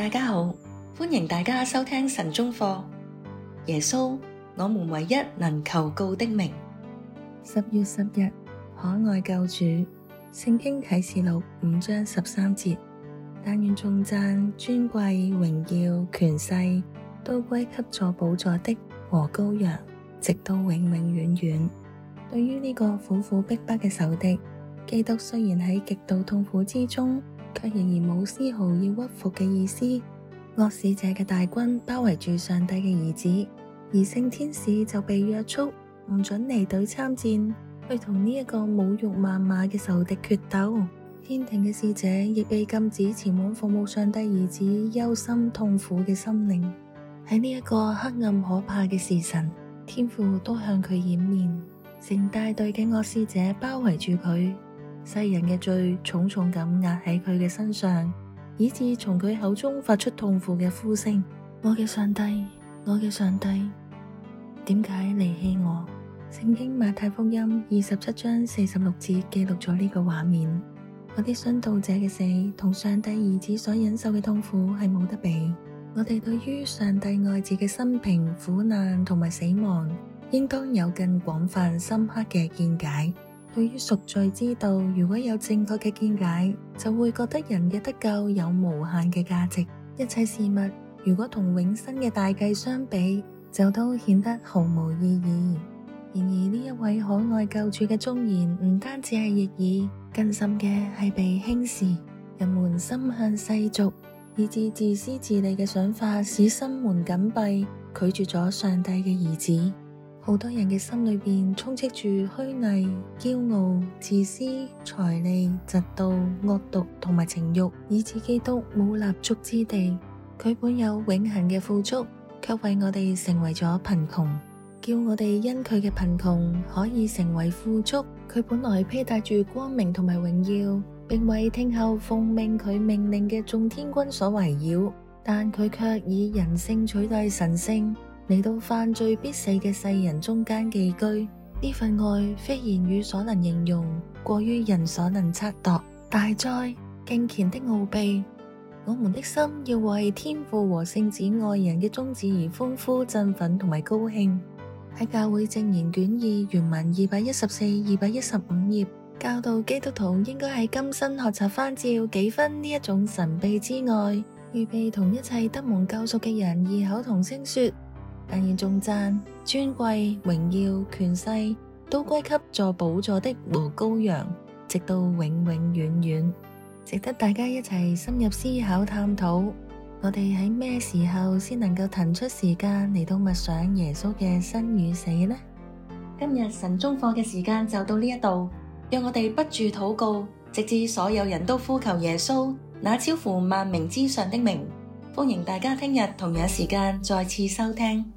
大家好，歡迎大家收聽晨鐘課。耶穌，我們唯一能求告的名。十月十日，可愛救主。聖經啟示錄五章十三節。但願頌讚、尊貴、榮耀、權勢都歸給坐寶座的和羔羊，直到永永遠遠。對於呢個苦苦逼迫嘅仇敵，基督雖然喺極度痛苦之中。卻仍然冇絲毫要屈服嘅意思。惡使者嘅大軍包圍住上帝嘅兒子，而聖天使就被約束唔準離隊參戰，去同呢一個侮辱謾罵嘅仇敵決鬥。天庭嘅使者亦被禁止前往服務上帝兒子憂心痛苦嘅心靈。喺呢一個黑暗可怕嘅時辰，天父都向佢掩面。成大隊嘅惡使者包圍住佢。世人嘅罪重重咁壓喺佢嘅身上，以至從佢口中發出痛苦嘅呼聲：我嘅上帝，我嘅上帝，點解離棄我？聖經馬太福音二十七章四十六節記錄咗呢個畫面。嗰啲殉道者嘅死同上帝兒子所忍受嘅痛苦係冇得比。我哋對於上帝愛子嘅生平苦難同埋死亡，應當有更廣泛深刻嘅見解。對於贖罪之道，如果有正確嘅見解，就會覺得人嘅得救有無限嘅價值。一切事物如果同永生嘅大計相比，就都顯得毫無意義。然而呢一位可愛救主嘅忠言，唔單止係逆耳，更甚嘅係被輕視。人們心向世俗，以至自私自利嘅想法使心門緊閉，拒絕咗上帝嘅兒子。好多人嘅心裏邊充斥住虛偽、驕傲、自私、財利、嫉妒、惡毒同埋情欲，以至基督冇立足之地。佢本有永恒嘅富足，卻為我哋成為咗貧窮，叫我哋因佢嘅貧窮可以成為富足。佢本來披戴住光明同埋榮耀，並為聽候奉命佢命令嘅眾天軍所圍繞，但佢卻以人性取代神性。嚟到犯罪必死嘅世人中間寄居，呢份愛非言語所能形容，過於人所能測度。大哉敬虔的奧秘，我們的心要為天父和聖子愛人嘅宗旨而歡呼振奮，同埋高興。喺教會證言卷二原文二百一十四、二百一十五頁，教導基督徒應該喺今生學習翻照幾分呢一種神秘之愛，預備同一切得蒙救贖嘅人異口同聲說。但願頌讚尊貴榮耀權勢都歸給坐寶座的和羔羊，直到永永遠遠。值得大家一齊深入思考探討。我哋喺咩時候先能夠騰出時間嚟到默想耶穌嘅生與死呢？今日神中課嘅時間就到呢一度，讓我哋不住禱告，直至所有人都呼求耶穌那超乎萬名之上的名。歡迎大家聽日同樣時間再次收聽。